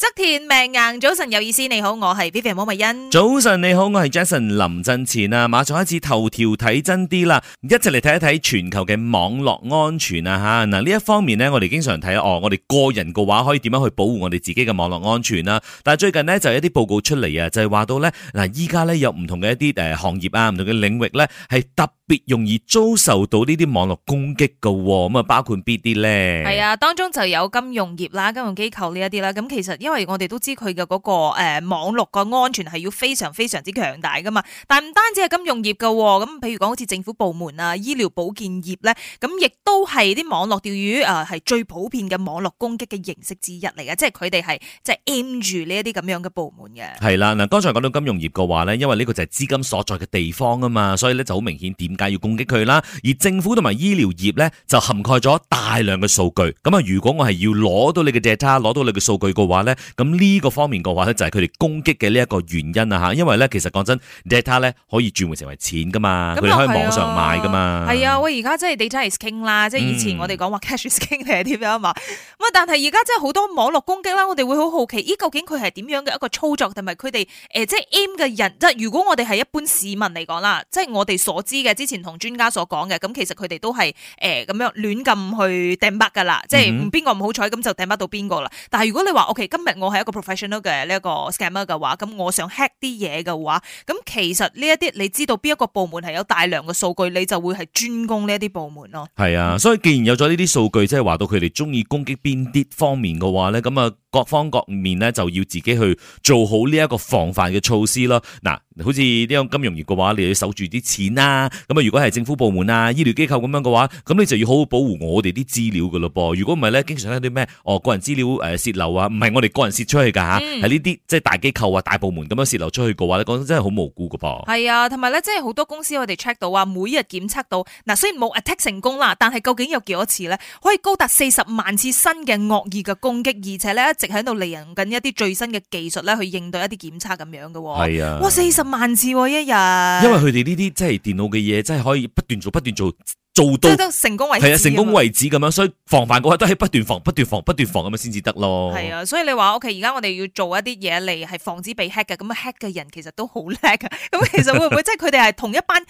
側田命硬，早晨有意思，你好，我係 Vivian 武媚恩。早晨你好，我係 Jason 林振前啊，馬上開始頭條睇真啲啦，一齊嚟睇一睇全球嘅網絡安全啊吓嗱呢一方面呢，我哋經常睇哦，我哋個人嘅話可以點樣去保護我哋自己嘅網絡安全啊，但係最近呢，就有一啲報告出嚟啊，就係、是、話到呢，嗱，依家呢，有唔同嘅一啲誒行業啊，唔同嘅領域呢，係特別容易遭受到呢啲網絡攻擊喎。咁啊，包括邊啲呢，係啊，當中就有金融業啦、金融機構呢一啲啦，咁其實因為我哋都知佢嘅嗰個誒網絡個安全係要非常非常之強大噶嘛，但係唔單止係金融業噶，咁譬如講好似政府部門啊、醫療保健業咧，咁亦都係啲網絡釣魚誒係最普遍嘅網絡攻擊嘅形式之一嚟嘅，即係佢哋係即係 aim 住呢一啲咁樣嘅部門嘅。係啦，嗱，剛才講到金融業嘅話咧，因為呢個就係資金所在嘅地方啊嘛，所以咧就好明顯點解要攻擊佢啦。而政府同埋醫療業咧，就涵蓋咗大量嘅數據。咁啊，如果我係要攞到你嘅 data、攞到你嘅數據嘅話咧，咁呢個方面嘅話咧，就係佢哋攻擊嘅呢一個原因啊吓，因為咧其實講真，data 咧可以轉換成為錢噶嘛，佢哋、啊、可以網上賣噶嘛。係啊，喂，而家即係 data is king 啦、嗯，即係以前我哋講話 cash is king 係點樣啊嘛。咁但係而家真係好多網絡攻擊啦，我哋會好好奇，咦究竟佢係點樣嘅一個操作，同埋佢哋誒即係 aim 嘅人。即係如果我哋係一般市民嚟講啦，即係我哋所知嘅，之前同專家所講嘅，咁其實佢哋都係誒咁樣亂咁去掟 bug 噶啦，即係邊個唔好彩咁就掟 bug 到邊個啦。但係如果你話今日，我係一個 professional 嘅呢一個 scammer 嘅話，咁我想 hack 啲嘢嘅話，咁其實呢一啲你知道邊一個部門係有大量嘅數據，你就會係專攻呢一啲部門咯。係啊，所以既然有咗呢啲數據，即係話到佢哋中意攻擊邊啲方面嘅話咧，咁啊各方各面咧就要自己去做好呢一個防範嘅措施咯。嗱。好似呢種金融業嘅話，你要守住啲錢啦。咁啊，如果係政府部門啊、醫療機構咁樣嘅話，咁你就要好好保護我哋啲資料噶咯噃。如果唔係咧，經常有啲咩哦個人資料誒泄漏啊，唔係我哋個人泄出去噶吓，係呢啲即係大機構啊、大部門咁樣泄漏出去嘅話，你講真係好無辜噶噃。係啊，同埋咧，即係好多公司我哋 check 到啊，每日檢測到嗱，雖然冇 attack 成功啦，但係究竟有幾多次咧？可以高達四十萬次新嘅惡意嘅攻擊，而且咧一直喺度利用緊一啲最新嘅技術咧去應對一啲檢測咁樣嘅。係啊哇，哇四十，萬次、啊、一日，因為佢哋呢啲即係電腦嘅嘢，真係可以不斷做，不斷做。做到成功為止，係啊，成功為止咁樣，所以防範嘅話都係不斷防、不斷防、不斷防咁樣先至得咯。係啊，所以你話 OK，而家我哋要做一啲嘢嚟，係防止被 hack 嘅。咁啊，hack 嘅人其實都好叻㗎。咁其實會唔會即係佢哋係同一班呢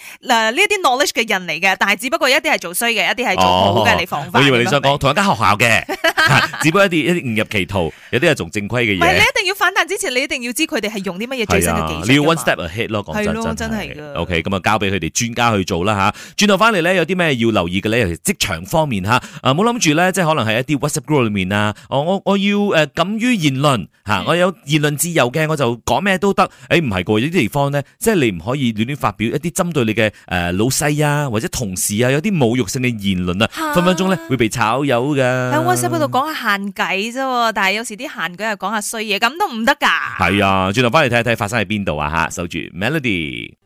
啲 knowledge 嘅人嚟嘅？但係只不過一啲係做衰嘅、哦，一啲係做好嘅、哦、你防範。我以為你想講同一間學校嘅， 只不過一啲一啲誤入歧途，有啲係做正規嘅嘢。唔係，你一定要反彈之前，你一定要知佢哋係用啲乜嘢最新嘅技術、啊。你要 one step ahead，真真 okay，真的的 okay，就 hack 咯，講真真係 OK，咁啊交俾佢哋專家去做啦吓。轉頭翻嚟咧，有啲咩？要留意嘅咧，尤其職場方面吓，啊冇諗住咧，即係可能係一啲 WhatsApp group 裏面啊，我我我要誒、呃、敢於言論吓、啊嗯，我有言論自由嘅，我就講咩都得。誒唔係噶，有啲地方咧，即係你唔可以亂亂發表一啲針對你嘅誒、呃、老細啊或者同事啊有啲侮辱性嘅言論啊，分分鐘咧會被炒魷噶。喺 WhatsApp 度講下閒偈啫，但係有時啲閒偈又講下衰嘢，咁都唔得噶。係啊，轉頭翻嚟睇一睇發生喺邊度啊吓、啊，守住 Melody。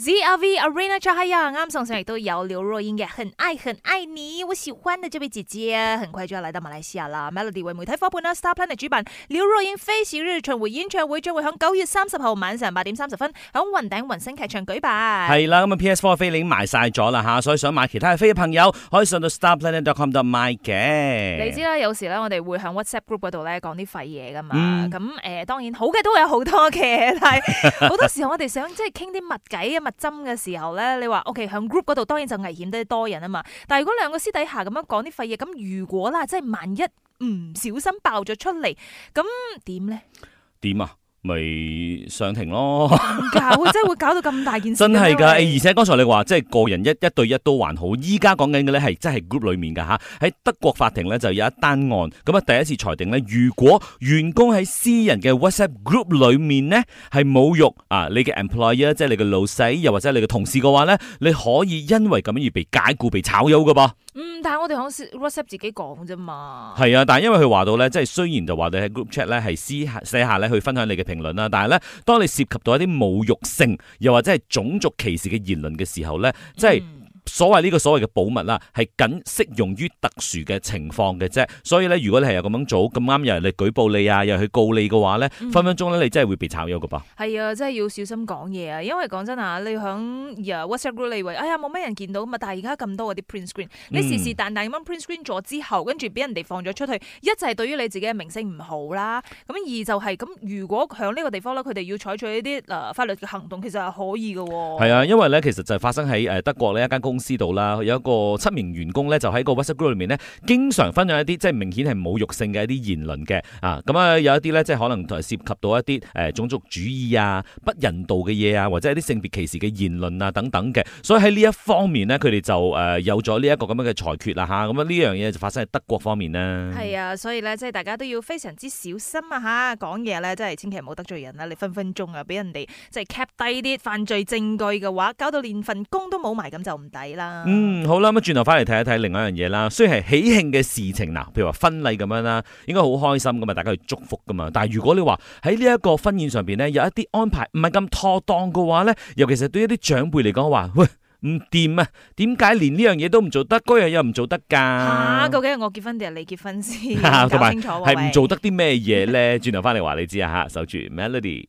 ZRV Arena Chai y a 啱啱送上嚟，都有劉若英嘅《很愛很愛你》，我喜歡的這位姐姐，很快就要來到馬來西亞啦。Melody 為媒體夥伴啦，Star Planet 主辦，劉若英飛行日巡迴演唱會將會響九月三十號晚上八點三十分響雲頂雲星劇場舉辦。係啦，咁啊 PS Four 嘅飛已經賣晒咗啦吓，所以想買其他嘅飛嘅朋友可以上到 Star Planet dot com 度買嘅。你知啦，有時咧我哋會響 WhatsApp group 嗰度咧講啲廢嘢噶嘛，咁、嗯、誒、嗯、呃，當然好嘅都會有好多嘅，但係好多時候我哋想即係傾啲密偈啊嘛。 針嘅時候咧，你話 OK 響 group 嗰度，當然就危險得多人啊嘛。但係如果兩個私底下咁樣講啲廢嘢，咁如果啦，即係萬一唔小心爆咗出嚟，咁點咧？點啊？咪上庭咯 ，真係會搞到咁大件事。真係噶，而且剛才你話即係個人一一對一都還好，依家講緊嘅咧係真係 group 裏面㗎。吓。喺德國法庭咧就有一單案，咁啊第一次裁定咧，如果員工喺私人嘅 WhatsApp group 裏面呢，係侮辱啊你嘅 employee，即係你嘅老細，又或者你嘅同事嘅話咧，你可以因為咁樣而被解雇、被炒魷㗎噃。嗯，但係我哋好似 WhatsApp 自己講啫嘛。係啊，但係因為佢話到咧，即係雖然就話你喺 Group Chat 咧係私下寫下咧去分享你嘅評論啦，但係咧當你涉及到一啲侮辱性又或者係種族歧視嘅言論嘅時候咧，即係。嗯所謂呢個所謂嘅保密啦，係僅適用於特殊嘅情況嘅啫。所以咧，如果你係又咁樣做，咁啱有人嚟舉報你啊，又去告你嘅話咧，分分鐘咧你真係會被炒咗㗎噃。係啊，真係要小心講嘢啊！因為講真啊，你響而家 WhatsApp group 你以為哎呀冇咩人見到啊嘛，但係而家咁多嗰啲 print screen，你是是旦旦咁樣 print screen 咗之後，跟住俾人哋放咗出去，一就係對於你自己嘅名聲唔好啦。咁二就係咁，如果響呢個地方咧，佢哋要採取一啲誒法律嘅行動，其實係可以㗎喎。係啊，因為咧其實就係發生喺誒德國咧一間公司度啦，有一個七名員工咧，就喺個 WhatsApp group 裏面呢，經常分享一啲即係明顯係侮辱性嘅一啲言論嘅啊。咁、嗯、啊，有一啲咧，即係可能涉及到一啲誒、欸、種族主義啊、不人道嘅嘢啊，或者一啲性別歧視嘅言論啊等等嘅。所以喺呢一方面呢，佢哋就誒、呃、有咗呢一個咁樣嘅裁決啦。吓咁啊，呢樣嘢就發生喺德國方面啦，係啊，所以咧即係大家都要非常之小心啊。吓講嘢咧，真係千祈唔好得罪人啦、啊。你分分鐘啊，俾人哋即係 cap 低啲犯罪證據嘅話，搞到連份工都冇埋咁就唔得。啦，嗯，好啦，咁轉頭翻嚟睇一睇另外一樣嘢啦，雖然係喜慶嘅事情，嗱，譬如話婚禮咁樣啦，應該好開心噶嘛，大家去祝福噶嘛，但係如果你話喺呢一個婚宴上邊咧有一啲安排唔係咁妥當嘅話咧，尤其是對一啲長輩嚟講話，喂，唔掂啊，點解連呢樣嘢都唔做得，嗰樣嘢又唔做得噶、啊？究竟係我結婚定係你結婚先搞清楚係唔做得啲咩嘢咧？轉頭翻嚟話你知啊吓，守住 Melody。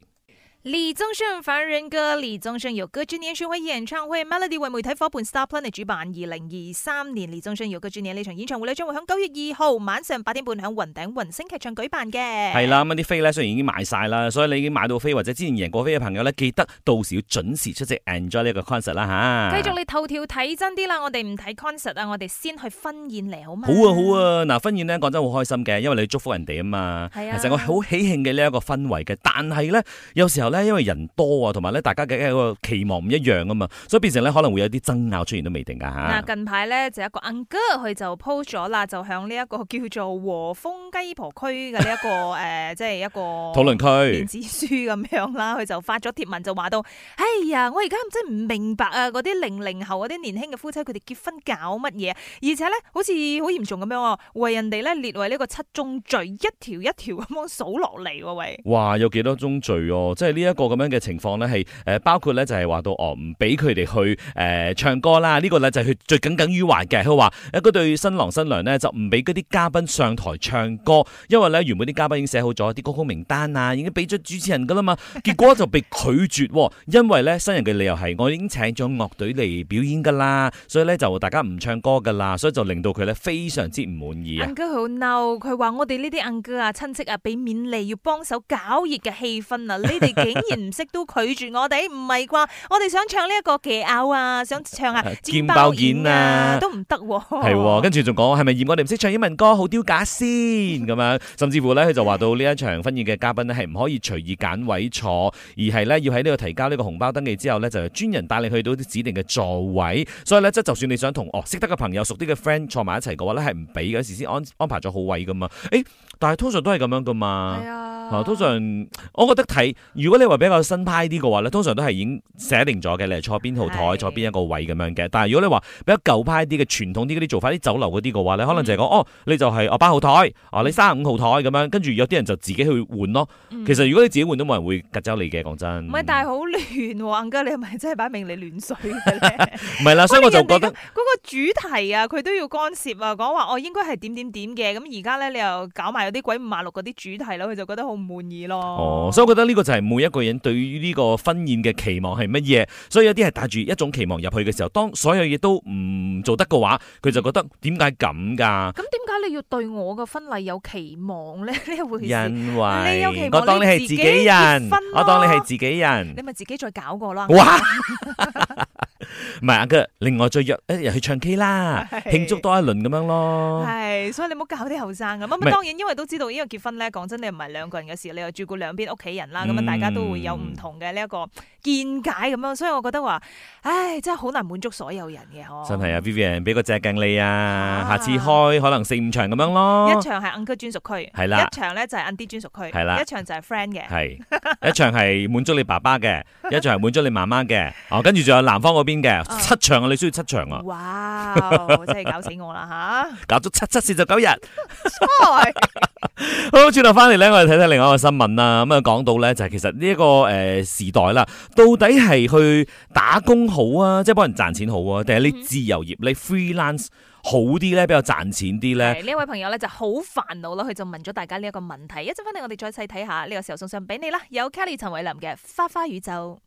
李宗盛凡人歌，李宗盛有歌之年巡迴演唱會，Melody 為媒體夥伴 Star Planet 主辦。二零二三年李宗盛有歌之年呢場演唱會，呢將會響九月二號晚上八點半響雲頂雲星劇場舉辦嘅。係啦，啊，咁啲飛咧雖然已經賣晒啦，所以你已經買到飛或者之前贏過飛嘅朋友咧，記得到時要準時出席，enjoy 呢一個 concert 啦吓。繼續你頭條睇真啲啦，我哋唔睇 concert 啊，我哋先去婚宴嚟好嘛？好啊，好啊，嗱，婚宴呢講真好開心嘅，因為你祝福人哋啊嘛。其實我好喜慶嘅呢一個氛圍嘅，但係咧有時候咧。因為人多啊，同埋咧大家嘅個期望唔一樣啊嘛，所以變成咧可能會有啲爭拗出現都未定噶吓。嗱，近排咧就一個 uncle 佢就 post 咗啦，就向呢一個叫做和風雞婆區嘅呢一個誒，即係一個討論區、電子書咁樣啦，佢就發咗貼文就話到，哎呀，我而家真係唔明白啊！嗰啲零零後嗰啲年輕嘅夫妻，佢哋結婚搞乜嘢？而且咧好似好嚴重咁樣，為人哋咧列為呢個七宗罪，一條一條咁樣數落嚟喎，喂！哇，有幾多宗罪哦，啊，即係。呢一個咁樣嘅情況咧，係誒、呃、包括咧就係、是、話到哦，唔俾佢哋去誒、呃、唱歌啦。這個、呢個咧就係、是、佢最耿耿於懷嘅。佢話：誒嗰對新郎新娘咧，就唔俾嗰啲嘉賓上台唱歌，因為咧原本啲嘉賓已經寫好咗啲歌曲名單啊，已經俾咗主持人噶啦嘛。結果就被拒絕，因為咧新人嘅理由係：我已經請咗樂隊嚟表演㗎啦，所以咧就大家唔唱歌㗎啦，所以就令到佢咧非常之唔滿意啊！阿哥好嬲，佢話我哋呢啲阿哥啊、親戚啊，俾面嚟要幫手搞熱嘅氣氛啊，你哋。 竟然唔識都拒絕我哋，唔係啩？我哋想唱呢一個《奇偶》啊，想唱啊，《劍包劍》啊，都唔得、啊。係、 哦，跟住仲講係咪嫌我哋唔識唱英文歌，好丟架先咁樣？甚至乎咧，佢就話到呢一場婚宴嘅嘉賓咧，係唔可以隨意揀位坐，而係咧要喺呢個提交呢個紅包登記之後咧，就專人帶你去到啲指定嘅座位。所以咧，即就算你想同哦識得嘅朋友、熟啲嘅 friend 坐埋一齊嘅話咧，係唔俾嘅，事先安安排咗好位噶嘛？誒、欸。但係通常都係咁樣噶嘛，係啊，通常我覺得睇如果你話比較新派啲嘅話咧，通常都係已經寫定咗嘅，你、嗯、係坐邊號台、嗯、坐邊一個個位咁樣嘅。但係如果你話比較舊派啲嘅傳統啲嗰啲做法，啲酒樓嗰啲嘅話你可能就係講哦，你就係啊八號台，哦、你三十五號台咁樣，跟住有啲人就自己去換咯。其實如果你自己換都冇人會吉走你嘅，講真的。唔、嗯、係，但係好亂喎、哦，硬、嗯、你係咪真係擺明你亂水唔係啦，所以我就覺得嗰、那個主題啊，佢都要干涉啊，講話我應該係點點點嘅。咁而家咧你又搞埋。啲鬼五馬六嗰啲主題咯，佢就覺得好唔滿意咯。哦，所以我覺得呢個就係每一個人對於呢個婚宴嘅期望係乜嘢，所以有啲係帶住一種期望入去嘅時候，當所有嘢都唔做得嘅話，佢就覺得點解咁噶？咁點解你要對我嘅婚禮有期望咧？呢回事？因為我當你係自己人，我當你係自己人，你咪自己再搞過啦。嗯哇 唔係啊！佢另外再約誒，入、哎、去唱 K 啦，慶祝多一輪咁樣咯。係，所以你唔好搞啲後生咁。咁當然因為都知道，因為結婚咧，講真，你唔係兩個人嘅事，你又照顧兩邊屋企人啦。咁、嗯、啊，樣大家都會有唔同嘅呢一個見解咁樣。所以我覺得話，唉，真係好難滿足所有人嘅。真係啊，啊！Vivian 俾個借鏡你啊，啊！下次開可能四五場咁樣咯。一場係 uncle 專屬區，係啦。一場咧就係 Auntie 專屬區，係啦。一場就係 friend 嘅，係。一場係滿 足你爸爸嘅，一場係滿足你媽媽嘅。哦、 啊，跟住仲有男方嗰邊嘅。七場啊！你需要七場啊！哇！真係搞死我啦吓！搞 咗七七四十九日。 好，轉頭翻嚟咧，我哋睇睇另外一個新聞啦。咁啊，講到咧就係其實呢一個誒時代啦，到底係去打工好啊，即係幫人賺錢好啊，定係呢自由業你 freelance 好啲咧，比較賺錢啲咧？呢位朋友咧就好煩惱咯，佢就問咗大家呢一個問題。一陣翻嚟，我哋再細睇下呢個時候送上俾你啦，有 Kelly 陳偉林嘅《花花宇宙》。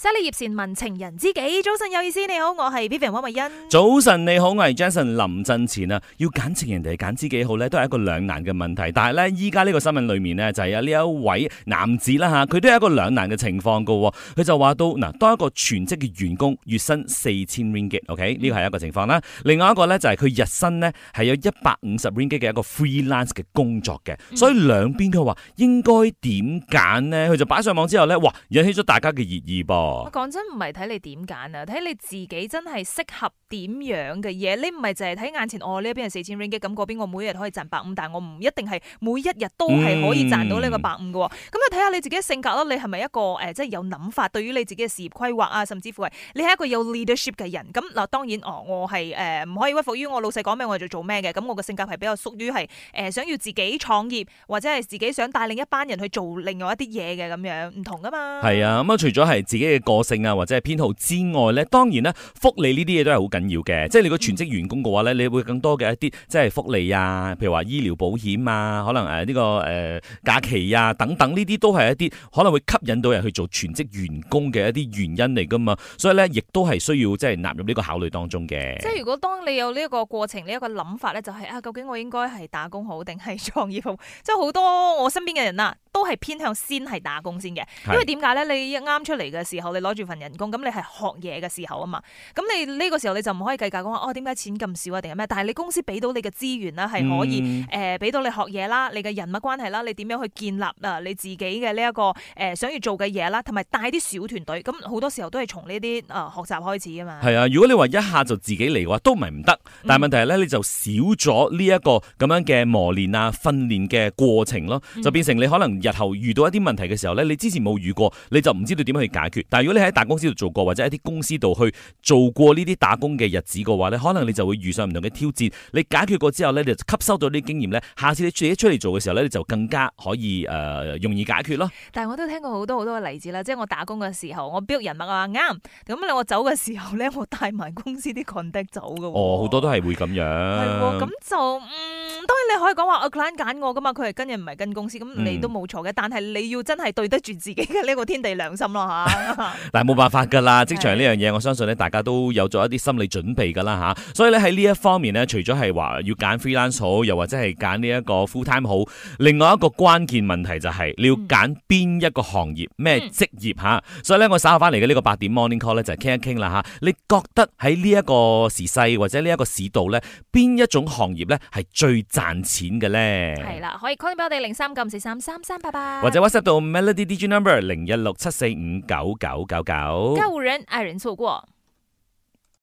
失利葉善文情人知己早晨有意思你好，我係 Vivian 黃慧欣。早晨你好，我係 Jason 林振前啊。要揀情人定係揀知己好咧？都係一個兩難嘅問題。但係咧，依家呢個新聞裏面呢，就係、是、有呢一位男子啦吓，佢都係一個兩難嘅情況噶、哦。佢就話到嗱，當一個全職嘅員工，月薪四千 Ringgit，OK，、okay？呢、嗯、個係一個情況啦。另外一個咧就係佢日薪呢，係有一百五十 Ringgit 嘅一個 freelance 嘅工作嘅，所以兩邊佢話應該點揀呢？佢就擺上網之後咧，哇，引起咗大家嘅熱議噃。我講真唔係睇你點揀啊，睇你自己真係適合。點樣嘅嘢？你唔係淨係睇眼前哦，呢一邊係四千 ringgit，咁嗰邊我每日可以賺百五，但係我唔一定係每一日都係可以賺到呢個百五嘅。咁、嗯、啊，睇下你自己嘅性格咯，你係咪一個誒、呃，即係有諗法，對於你自己嘅事業規劃啊，甚至乎係你係一個有 leadership 嘅人。咁嗱，當然，哦，我係誒唔可以屈服於我老細講咩我就做咩嘅。咁我嘅性格係比較屬於係誒，想要自己創業，或者係自己想帶領一班人去做另外一啲嘢嘅咁樣，唔同噶嘛。係啊，咁、嗯、啊，除咗係自己嘅個性啊，或者係偏好之外咧，當然咧，福利呢啲嘢都係好緊要嘅，即係你個全職員工嘅話咧，你會更多嘅一啲，即係福利啊，譬如話醫療保險啊，可能誒呢個誒假期啊等等，呢啲都係一啲可能會吸引到人去做全職員工嘅一啲原因嚟噶嘛。所以咧，亦都係需要即係納入呢個考慮當中嘅。即係如果當你有呢一個過程，呢、這、一個諗法咧，就是，就係啊，究竟我應該係打工好定係創業好？即係好多我身邊嘅人啊，都係偏向先係打工先嘅，因為點解咧？你一啱出嚟嘅時候，你攞住份人工，咁你係學嘢嘅時候啊嘛，咁你呢個時候你。就唔可以計較講話哦，點解錢咁少啊？定係咩？但係你公司俾到你嘅資源啦，係可以誒，俾、嗯、到你學嘢啦，你嘅人物關係啦，你點樣去建立啊你自己嘅呢一個誒想要做嘅嘢啦，同埋帶啲小團隊。咁好多時候都係從呢啲誒學習開始啊嘛。係啊，如果你話一下就自己嚟嘅話，都唔係唔得。但係問題係咧，你就少咗呢一個咁樣嘅磨練啊、訓練嘅過程咯，就變成你可能日後遇到一啲問題嘅時候咧，你之前冇遇過，你就唔知道點樣去解決。但係如果你喺大公司度做過，或者喺啲公司度去做過呢啲打工，嘅日子嘅話咧，可能你就會遇上唔同嘅挑戰，你解決過之後咧，你就吸收到啲經驗咧，下次你自己出嚟做嘅時候咧，你就更加可以誒、呃、容易解決咯。但係我都聽過好多好多嘅例子啦，即係我打工嘅時候，我 build 人脈啊啱，咁我走嘅時候咧，我帶埋公司啲 conflict 走嘅、哦。哦，好多都係會咁樣。咁、 哦、就嗯。當然你可以講話，我 client 揀我噶嘛，佢係跟人唔係跟公司，咁你都冇錯嘅。嗯、但係你要真係對得住自己嘅呢個天地良心咯嚇。哈哈 但係冇辦法㗎啦，職場呢樣嘢，我相信咧，大家都有咗一啲心理準備㗎啦嚇。所以咧，喺呢一方面咧，除咗係話要揀 freelancer 好，又或者係揀呢一個 full time 好，另外一個關鍵問題就係你要揀邊一個行業咩、嗯嗯、職業嚇。所以咧，我稍後翻嚟嘅呢個八點 morning call 咧就係傾一傾啦嚇。你覺得喺呢一個時勢或者呢一個市道咧，邊一種行業咧係最的？賺錢嘅咧，係啦，可以 call 俾我哋零三九五四三三三八八，或者 WhatsApp 到 Melody DJ Number 零一六七四五九九九九。家人愛人錯過。